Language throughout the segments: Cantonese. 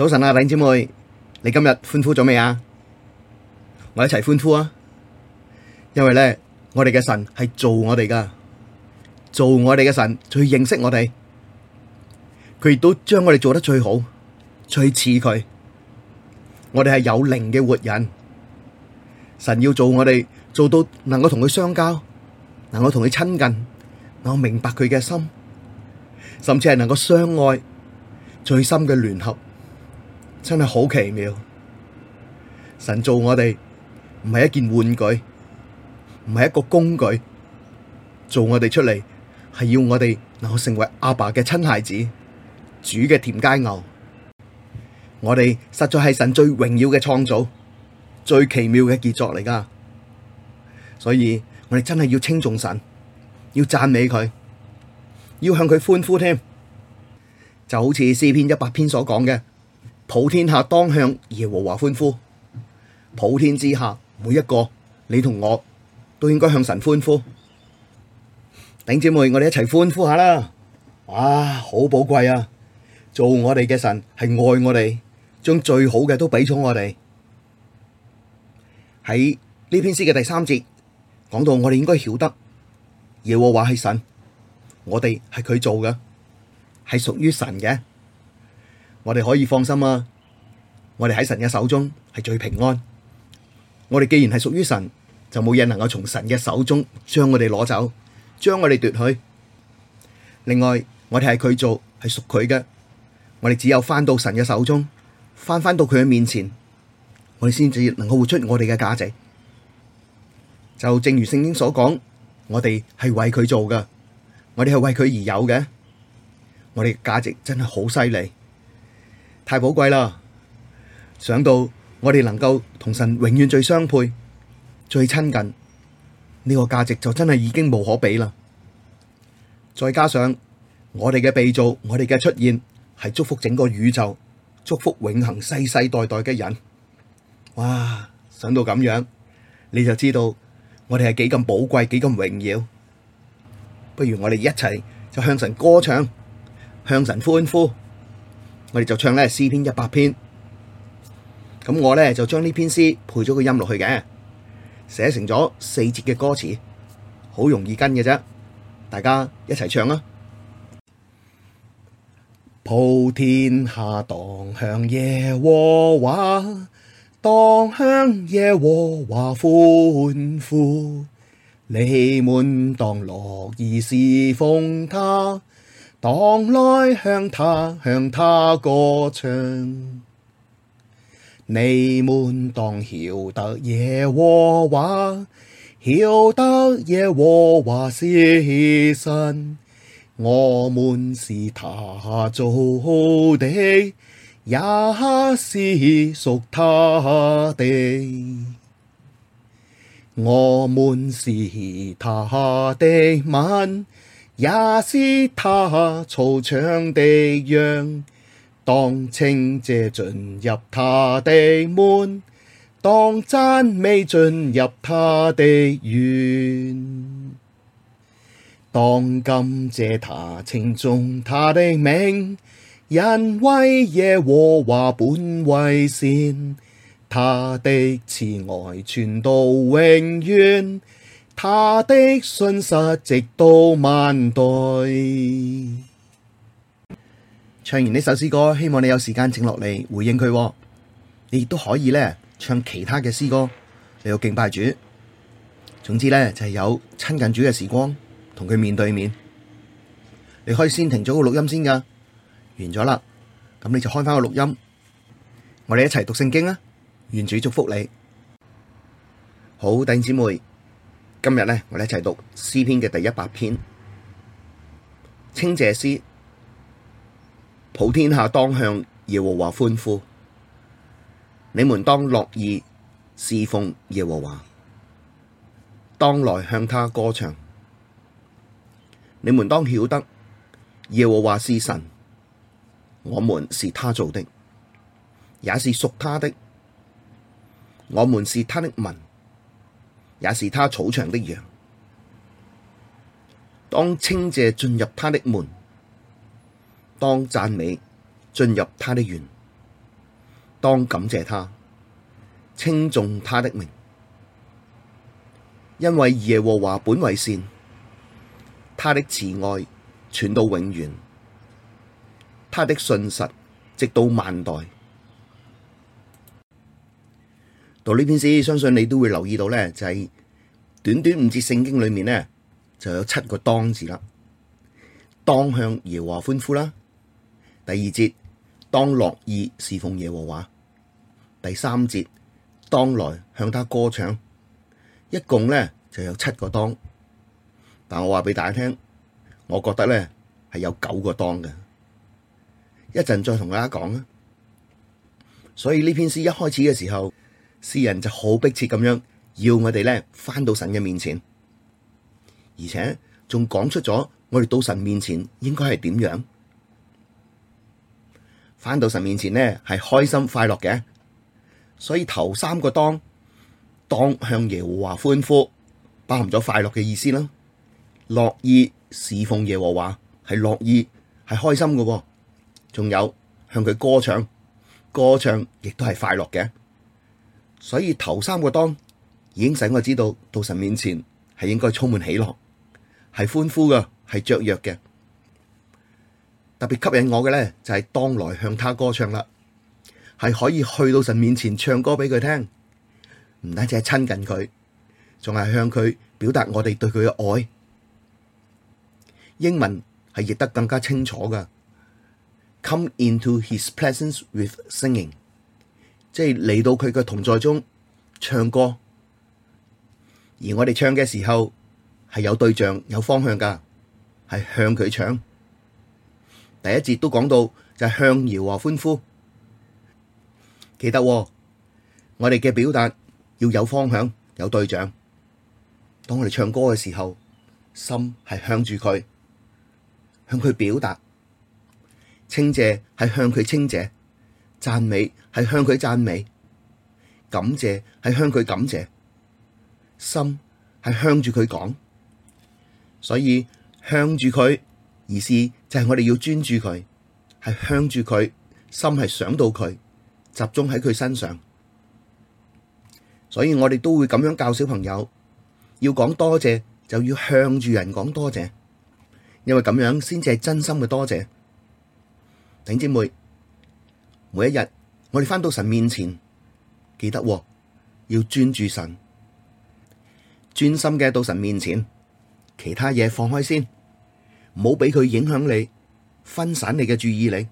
早晨啊，弟兄姊妹，你今日歡呼咗未啊？我一齊歡呼啊！因為咧，我哋嘅神係做我哋噶，做我哋嘅神，最認識我哋，佢亦都將我哋做得最好，最似佢。我哋係有靈嘅活人，神要做我哋做到能夠同佢相交，能夠同佢親近，能夠明白佢嘅心，甚至係能夠相愛，最深嘅聯合。真係好奇妙！神造我哋唔係一件玩具，唔係一個工具，造我哋出嚟係要我哋能夠成為阿爸嘅親孩子、主嘅甜佳偶。我哋實在係神最榮耀嘅創造、最奇妙嘅傑作嚟噶。所以我哋真係要稱頌神，要讚美佢，要向佢歡呼添。就好似詩篇一百篇所講嘅。普天下當向耶和華歡呼，普天之下每一個你同我都應該向神歡呼。頂姐妹，我哋一齊歡呼下啦！哇，好寶貴啊！做我哋嘅神係愛我哋，將最好嘅都俾咗我哋。喺呢篇詩嘅第三節，講到我哋應該曉得耶和華係神，我哋係佢做嘅，係屬於神嘅。我哋可以放心啊！我哋喺神嘅手中係最平安。我哋既然係屬於神，就冇人能夠從神嘅手中將我哋攞走，將我哋奪去。另外，我哋係佢做，係屬佢嘅。我哋只有返到神嘅手中，返返到佢嘅面前，我哋先至能夠活出我哋嘅價值。就正如聖經所講，我哋係為佢做嘅，我哋係為佢而有嘅。我哋嘅價值真係好犀利。太寶貴啦！想到我哋能夠同神永遠最相配、最親近，呢個價值就真係已經無可比啦。再加上我哋嘅被造、我哋嘅出現，係祝福整個宇宙，祝福永恆世世代代嘅人。哇！想到咁樣，你就知道我哋係幾咁寶貴、幾咁榮耀。不如我哋一齊就向神歌唱，向神歡呼。我哋就唱咧詩篇一百篇，咁我咧就將呢篇詩配咗個音落去嘅，寫成咗四節嘅歌詞，好容易跟嘅啫，大家一齊唱啊！普天下當向耶和華，當向耶和華歡呼，你們當樂意事奉他，當來向他向他歌唱，你們當曉得耶和華曉得耶和華是神，我們是祂造的，也是屬祂的，我們是祂的民。也是他草場的羊，當稱謝進入他的門，當讚美進入他的院，當感謝他，稱頌他的名！因為耶和華本為善。他的慈愛存到永遠。他的信實直到萬代。唱完呢首詩歌，希望你有時間靜落嚟回應佢。你亦都可以咧唱其他嘅詩歌，你要敬拜主。總之咧就係、是、有親近主嘅時光，同佢面對面。你可以先停咗個錄音先噶，完咗啦，咁你就開翻個錄音。我哋一齊讀聖經啦，願主祝福你。好，弟兄姊妹。今日呢，我哋一齊讀詩篇嘅第一百篇，稱謝詩，普天下當向耶和華歡呼，你們當樂意事奉耶和華，當來向他歌唱，你們當曉得耶和華是神，我們是他造的，也是屬他的，我們是他的民。也是他草場的羊，當稱謝進入他的門，當讚美進入他的院，當感謝他，稱頌他的名，因為耶和華本為善，他的慈愛存到永遠，他的信實直到萬代。到呢篇詩，相信你都會留意到咧，就係短短五節聖經裏面咧，就有七個當字啦。當向耶和華歡呼啦，第二節當樂意事奉耶和華，第三節當來向他歌唱，一共咧就有七個當。但我話俾大家聽，我覺得咧係有九個當嘅，一陣再同大家講啊。所以呢篇詩一開始嘅時候。詩人就好迫切咁樣要我哋咧翻到神嘅面前，而且仲講出咗我哋到神面前應該係點樣？翻到神面前呢係開心快樂嘅，所以頭三個當，當向耶和華歡呼，包含咗快樂嘅意思啦。樂意侍奉耶和華，係樂意係開心嘅，仲有向佢歌唱，歌唱亦都係快樂嘅。所以頭三個當已經使我知道，到神面前係應該充滿喜樂，係歡呼嘅，係雀躍嘅。特別吸引我嘅咧，就係當來向他歌唱啦，係可以去到神面前唱歌俾佢聽，唔單止係親近佢，仲係向佢表達我哋對佢嘅愛。英文係譯得更加清楚㗎，Come into His presence with singing。即係嚟到佢嘅同在中唱歌，而我哋唱嘅時候係有對象、有方向噶係向佢唱。第一節都講到就係向耶和華歡呼，記得，哦，我哋嘅表達要有方向、有對象。當我哋唱歌嘅時候，心係向住佢，向佢表達，稱謝係向佢稱謝。讚美係向佢讚美，感謝係向佢感謝，心係向住佢講，所以向住佢，意思就係我哋要專注佢，係向住佢，心係想到佢，集中喺佢身上。所以我哋都會咁樣教小朋友，要講多謝就要向住人講多謝，因為咁樣先至係真心嘅多謝。頂姐妹。每一日，我哋翻到神面前，記得要專注神、專心嘅到神面前，其他嘢放開先，唔好俾佢影響你，分散你嘅注意力。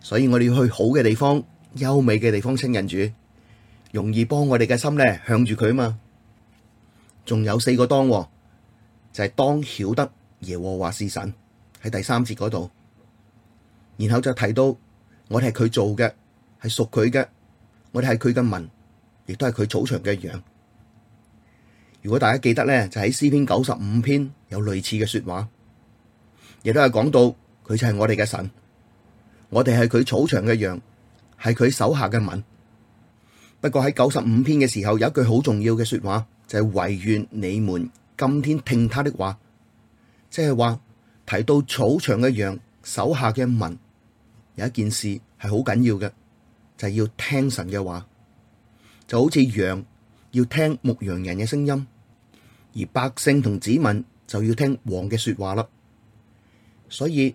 所以我哋要去好嘅地方、優美嘅地方親近主，容易幫我哋嘅心咧向住佢啊嘛。仲有四個當，就係當曉得耶和華是神喺第三節嗰度，然後就提到。我哋係佢做嘅，係屬佢嘅。我哋係佢嘅民，亦都係佢草場嘅羊。如果大家記得咧，就喺詩篇九十五篇有類似嘅說話，亦都係講到佢就係我哋嘅神，我哋係佢草場嘅羊，係佢手下嘅民。不過喺九十五篇嘅時候，有一句好重要嘅說話，就係唯願你們今天聽他的話，即係話提到草場嘅羊，手下嘅民。有一件事係好緊要嘅，就係要聽神嘅話，就好似羊要聽牧羊人嘅聲音，而百姓同子民就要聽王嘅説話啦。所以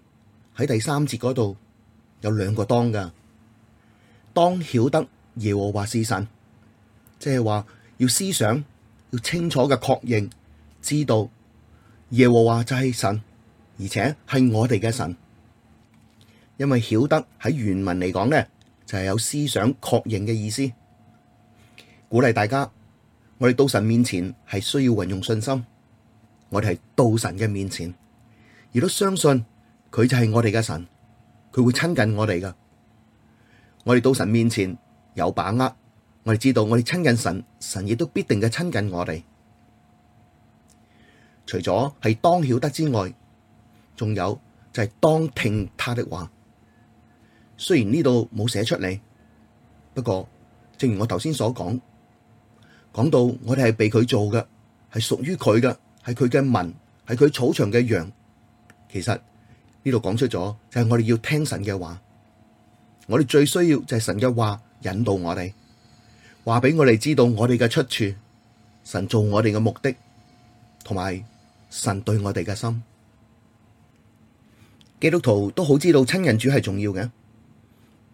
喺第三節嗰度有兩個當㗎，當曉得耶和華是神，即係話要思想，要清楚嘅確認知道耶和華就係神，而且係我哋嘅神。因為曉得喺原文嚟講呢，就係、是、有思想確認嘅意思。鼓勵大家，我哋到神面前係需要運用信心，我哋係到神嘅面前，亦都相信佢就係我哋嘅神，佢會親近我哋噶。我哋到神面前有把握，我哋知道我哋親近神，神亦都必定嘅親近我哋。除咗係當曉得之外，仲有就係當聽他的話。雖然呢度冇寫出嚟，不過正如我頭先所講，講到我哋係被佢做嘅，係屬於佢嘅，係佢嘅民，係佢草場嘅羊。其實呢度講出咗，就係我哋要聽神嘅話，我哋最需要就係神嘅話引導我哋，話俾我哋知道我哋嘅出處，神做我哋嘅目的，同埋神對我哋嘅心。基督徒都好知道親近主係重要嘅。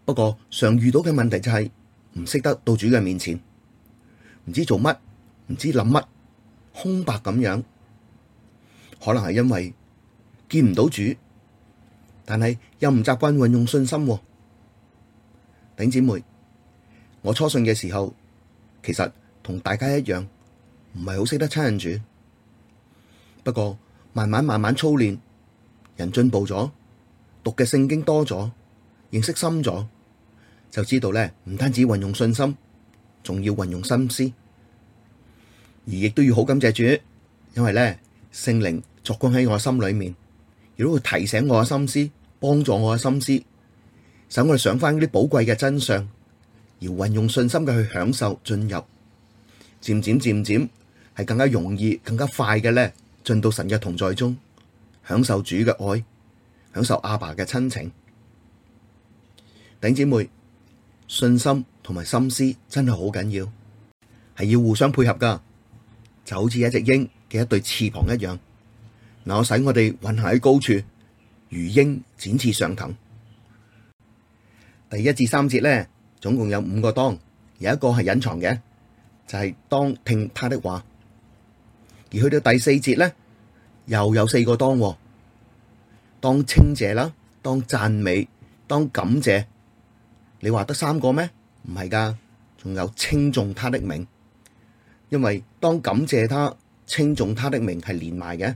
不過常遇到嘅問題就係唔識得到主嘅面前，唔知做乜，唔知諗乜，空白咁樣。可能係因為見唔到主，但係又唔習慣運用信心啊。弟兄姊妹，我初信嘅時候，其實同大家一樣，唔係好識得親近主。不過慢慢慢慢操練，人進步咗，讀嘅聖經多咗，認識深咗。就知道咧，唔單止運用信心，仲要運用心思，而亦都要好感謝主，因為咧聖靈作工喺我心裏面，亦都會提醒我嘅心思，幫助我嘅心思，使我哋想翻啲寶貴嘅真相，而運用信心嘅去享受進入，漸漸漸漸係更加容易、更加快嘅咧，進到神嘅同在中，享受主嘅愛，享受阿爸嘅親情，頂姐妹。信心同埋心思真係好緊要，係要互相配合噶，就好似一隻鷹嘅一對翅膀一樣。嗱，使我哋運行喺高處，如鷹展翅上騰。第一至三節呢，總共有五個當，有一個係隱藏嘅，就係當聽他的話。而去到第四節呢，又有四個當，當稱謝啦，當讚美，當感謝。你話得三個咩？唔係㗎，仲有稱頌他的名，因為當感謝他稱頌他的名係連埋嘅，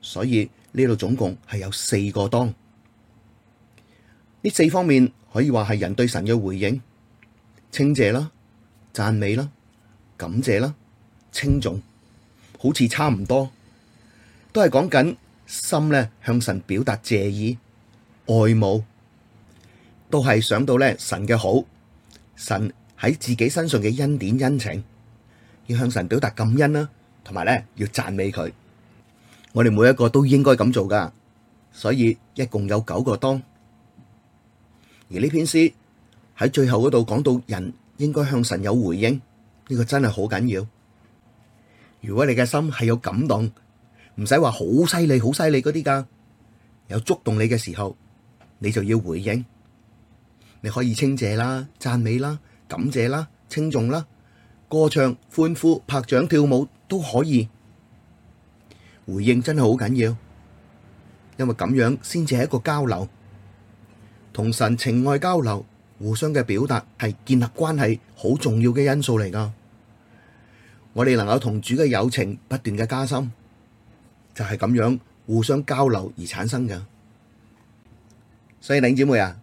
所以呢度總共係有四個當。呢四方面可以話係人對神嘅回應，稱謝啦、讚美啦、感謝啦、稱頌，好似差唔多，都係講緊心咧向神表達謝意、愛慕。都係想到咧神嘅好，神喺自己身上嘅恩典恩情，要向神表達感恩啦，同埋咧要讚美佢。我哋每一個都應該咁做噶，所以一共有九個當。而呢篇詩喺最後嗰度講到，人應該向神有回應，呢個真係好緊要。如果你嘅心係有感動，唔使話好犀利好犀利嗰啲噶，有觸動你嘅時候，你就要回應。你可以稱謝啦、讚美啦、感謝啦、稱頌啦、歌唱、歡呼、拍掌、跳舞都可以。回應真係好緊要，因為咁樣先至係一個交流，同神情愛交流，互相嘅表達係建立關係好重要嘅因素嚟噶。我哋能夠同主嘅友情不斷嘅加深，就係咁樣互相交流而產生嘅。所以，弟兄姊妹啊！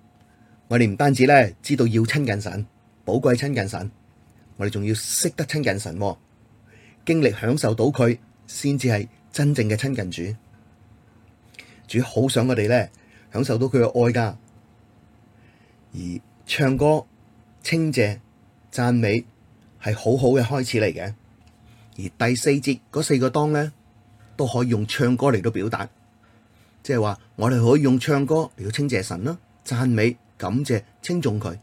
我哋唔單止咧知道要親近神，寶貴親近神，我哋仲要識得親近神、啊，經歷享受到佢，先至係真正嘅親近主。主好想我哋咧享受到佢嘅愛噶。而唱歌、稱謝、讚美係好好嘅開始嚟嘅。而第四節嗰四個當咧都可以用唱歌嚟到表達，即係話我哋可以用唱歌嚟到稱謝神啦，讚美。感謝稱頌佢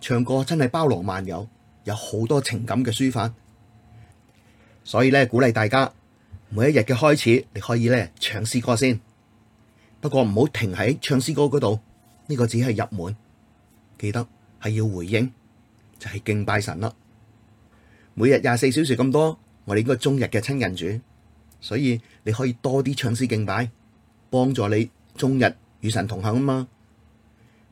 唱歌，真係包羅萬有，有好多情感嘅抒發，所以咧鼓勵大家每一日嘅開始，你可以咧唱詩歌先，不過唔好停喺唱詩歌嗰度，呢、這個只係入門，記得係要回應就係、是、敬拜神啦。每日廿四小時咁多，我哋應該終日嘅親近主，所以你可以多啲唱詩敬拜，幫助你終日與神同行啊嘛。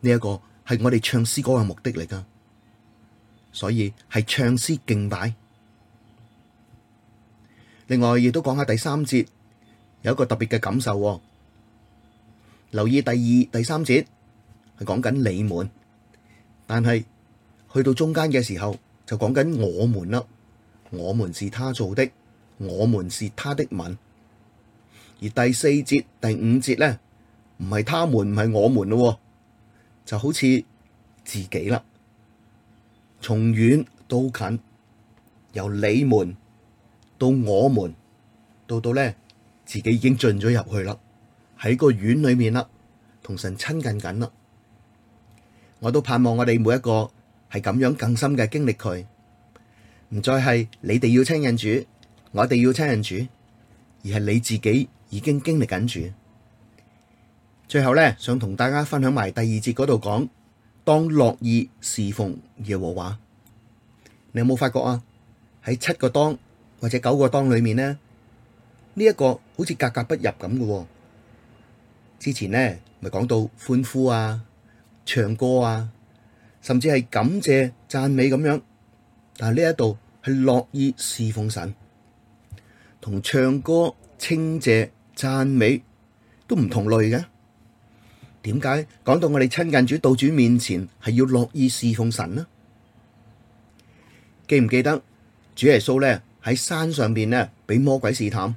呢一個係我哋唱詩歌嘅目的嚟噶，所以係唱詩敬拜。另外亦都講下第三節有一個特別嘅感受。留意第二、第三節係講緊你們，但係去到中間嘅時候就講緊我們啦。我們是他造的，我們是他的民。而第四節、第五節咧，唔係他們，唔係我們咯。就好似自己啦，從遠到近，由你們到我們，到到咧，自己已經進咗入去啦，喺個院裏面啦，同神親近緊啦。我都盼望我哋每一個係咁樣更深嘅經歷佢，唔再係你哋要親近主，我哋要親近主，而係你自己已經經歷緊主。最後咧，想同大家分享埋第二節嗰度講，當樂意事奉耶和華，你有冇發覺啊？喺七個當或者九個當裏面咧，呢一個好似格格不入咁嘅啊。之前咧咪講到歡呼啊、唱歌啊，甚至係感謝讚美咁樣，但係呢一度係樂意事奉神，同唱歌、稱謝、讚美都唔同類嘅。點解講到我哋親近主道主面前係要樂意侍奉神呢？記唔記得主耶穌咧喺山上邊咧俾魔鬼試探，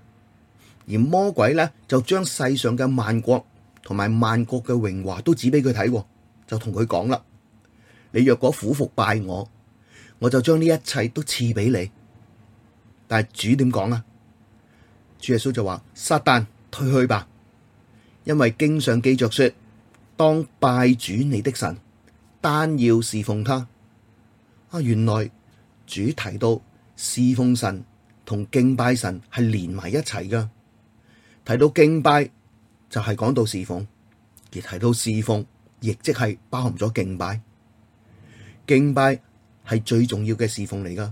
而魔鬼咧就將世上嘅萬國同埋萬國嘅榮華都指俾佢睇，就同佢講啦：你若果俯伏拜我，我就將呢一切都賜俾你。但係主點講啊？主耶穌就話：撒旦退去吧，因為經上記着說。當拜主你的神，單要侍奉他。啊，原來主提到侍奉神同敬拜神係連埋一齊㗎。提到敬拜就係講到侍奉，而提到侍奉亦即係包含咗敬拜。敬拜係最重要嘅侍奉嚟㗎。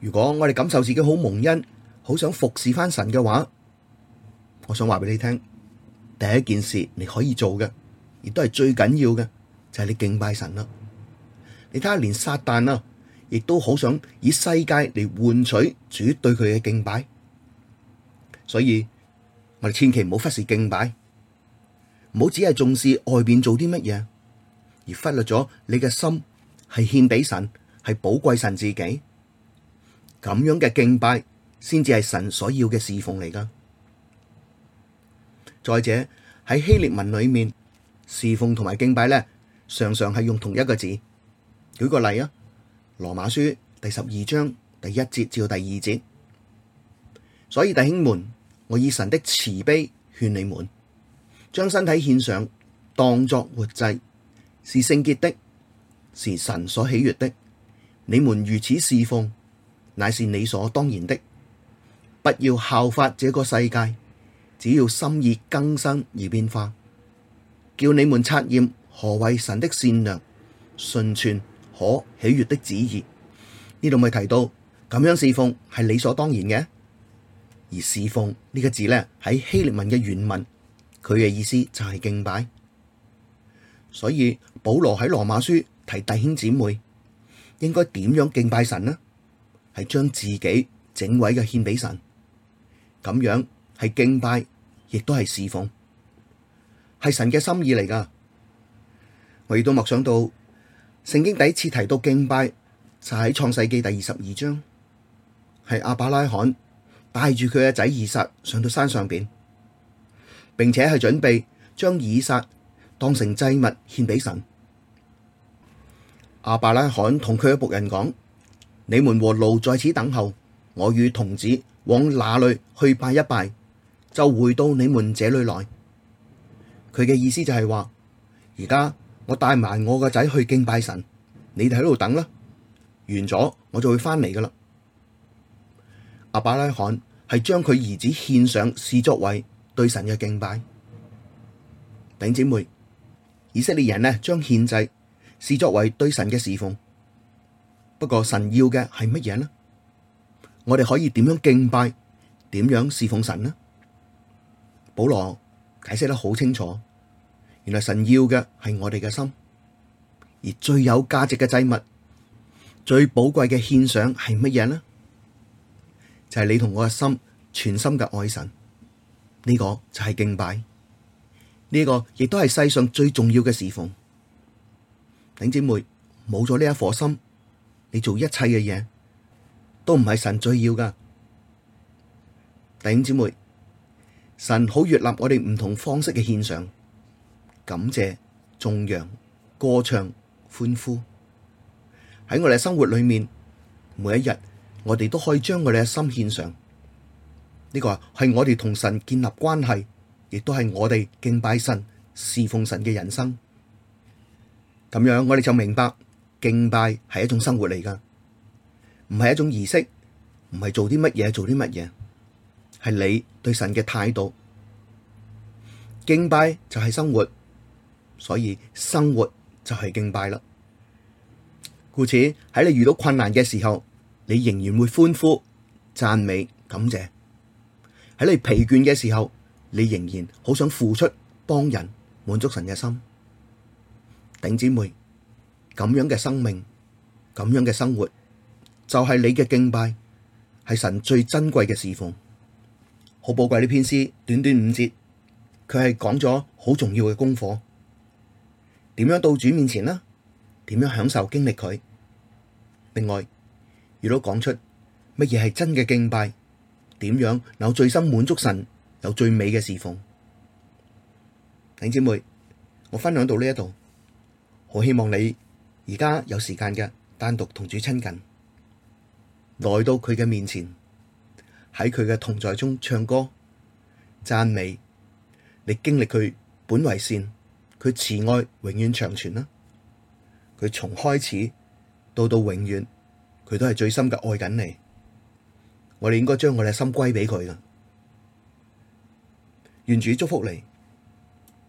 如果我哋感受自己好蒙恩，好想服侍返神嘅話，我想話俾你聽。第一件事你可以做嘅，亦都係最緊要嘅，就係你敬拜神啦。你睇下，連撒旦啊，亦都好想以世界嚟換取主對佢嘅敬拜。所以，我哋千祈唔好忽視敬拜，唔好只係重視外邊做啲乜嘢，而忽略咗你嘅心係獻俾神，係寶貴神自己。咁樣嘅敬拜，先至係神所要嘅侍奉嚟噶。再者喺希臘文裏面，侍奉同埋敬拜呢，常常係用同一個字。舉個例啊，《羅馬書》第十二章第一節至第二節，所以弟兄們，我以神的慈悲勸你們，將身體獻上，當作活祭，是聖潔的，是神所喜悅的。你們如此侍奉，乃是理所當然的，不要效法這個世界。只要心意更新而變化，叫你們察驗何為神的善良、純全可喜悅的旨意。呢度咪提到咁樣事奉係理所當然嘅，而事奉呢、這個字呢，喺希臘文嘅原文，佢嘅意思就係敬拜。所以保羅喺羅馬書提，提弟兄姊妹應該點樣敬拜神呢？係將自己整位嘅獻俾神，咁樣。係敬拜，亦都係侍奉，係神嘅心意嚟㗎。我亦都默想到，聖經第一次提到敬拜就喺、是、創世記第二十二章，係亞伯拉罕帶住佢嘅仔以撒上到山上邊，並且係準備將以撒當成祭物獻俾神。亞伯拉罕同佢嘅僕人講：「你們和驢在此等候，我與童子往那裏去拜一拜。」就回到你們這裏來，佢嘅意思就係話，而家我帶埋我個仔去敬拜神，你哋喺度等啦，完咗我就會翻嚟噶啦。亞伯拉罕係將佢兒子獻上，視作為對神嘅敬拜。弟兄姊妹，以色列人呢將獻祭視作為對神嘅侍奉，不過神要嘅係乜嘢呢？我哋可以點樣敬拜，點樣侍奉神呢？保羅解釋得好清楚，原來神要嘅係我哋嘅心，而最有價值嘅祭物、最寶貴嘅獻上係乜嘢呢？就係、是、你同我嘅心全心嘅愛神，呢、這個就係敬拜，呢、這個亦都係世上最重要嘅侍奉。弟兄姐妹，冇咗呢一顆心，你做一切嘅嘢都唔係神最要噶。弟兄姐妹。神好悅納我哋唔同方式嘅獻上，感謝、頌揚、歌唱、歡呼，喺我哋生活裏面，每一日我哋都可以將我哋嘅心獻上。呢個係我哋同神建立關係，亦都係我哋敬拜神、侍奉神嘅人生。咁樣我哋就明白，敬拜係一種生活嚟噶，唔係一種儀式，唔係做啲乜嘢做啲乜嘢。係你對神嘅態度。敬拜就係生活，所以生活就係敬拜啦。故此喺你遇到困難嘅時候，你仍然會歡呼讚美感謝；喺你疲倦嘅時候，你仍然好想付出幫人，滿足神嘅心。頂姊妹咁樣嘅生命，咁樣嘅生活，就係你嘅敬拜，係神最珍貴嘅侍奉。好寶貴，呢篇詩，短短五節，佢係講咗好重要嘅功課，點樣到主面前呢？點樣享受經歷佢？另外，如果講出乜嘢係真嘅敬拜，點樣有最深滿足神，有最美嘅侍奉？弟兄姊妹，我分享到呢一度，好希望你而家有時間嘅，單獨同主親近，來到佢嘅面前。喺佢嘅同在中唱歌讚美，你經歷佢本為善，佢慈愛永遠長存啦。佢從開始到到永遠，佢都係最深嘅愛緊你。我哋應該將我哋嘅心歸畀佢噶。願主祝福你。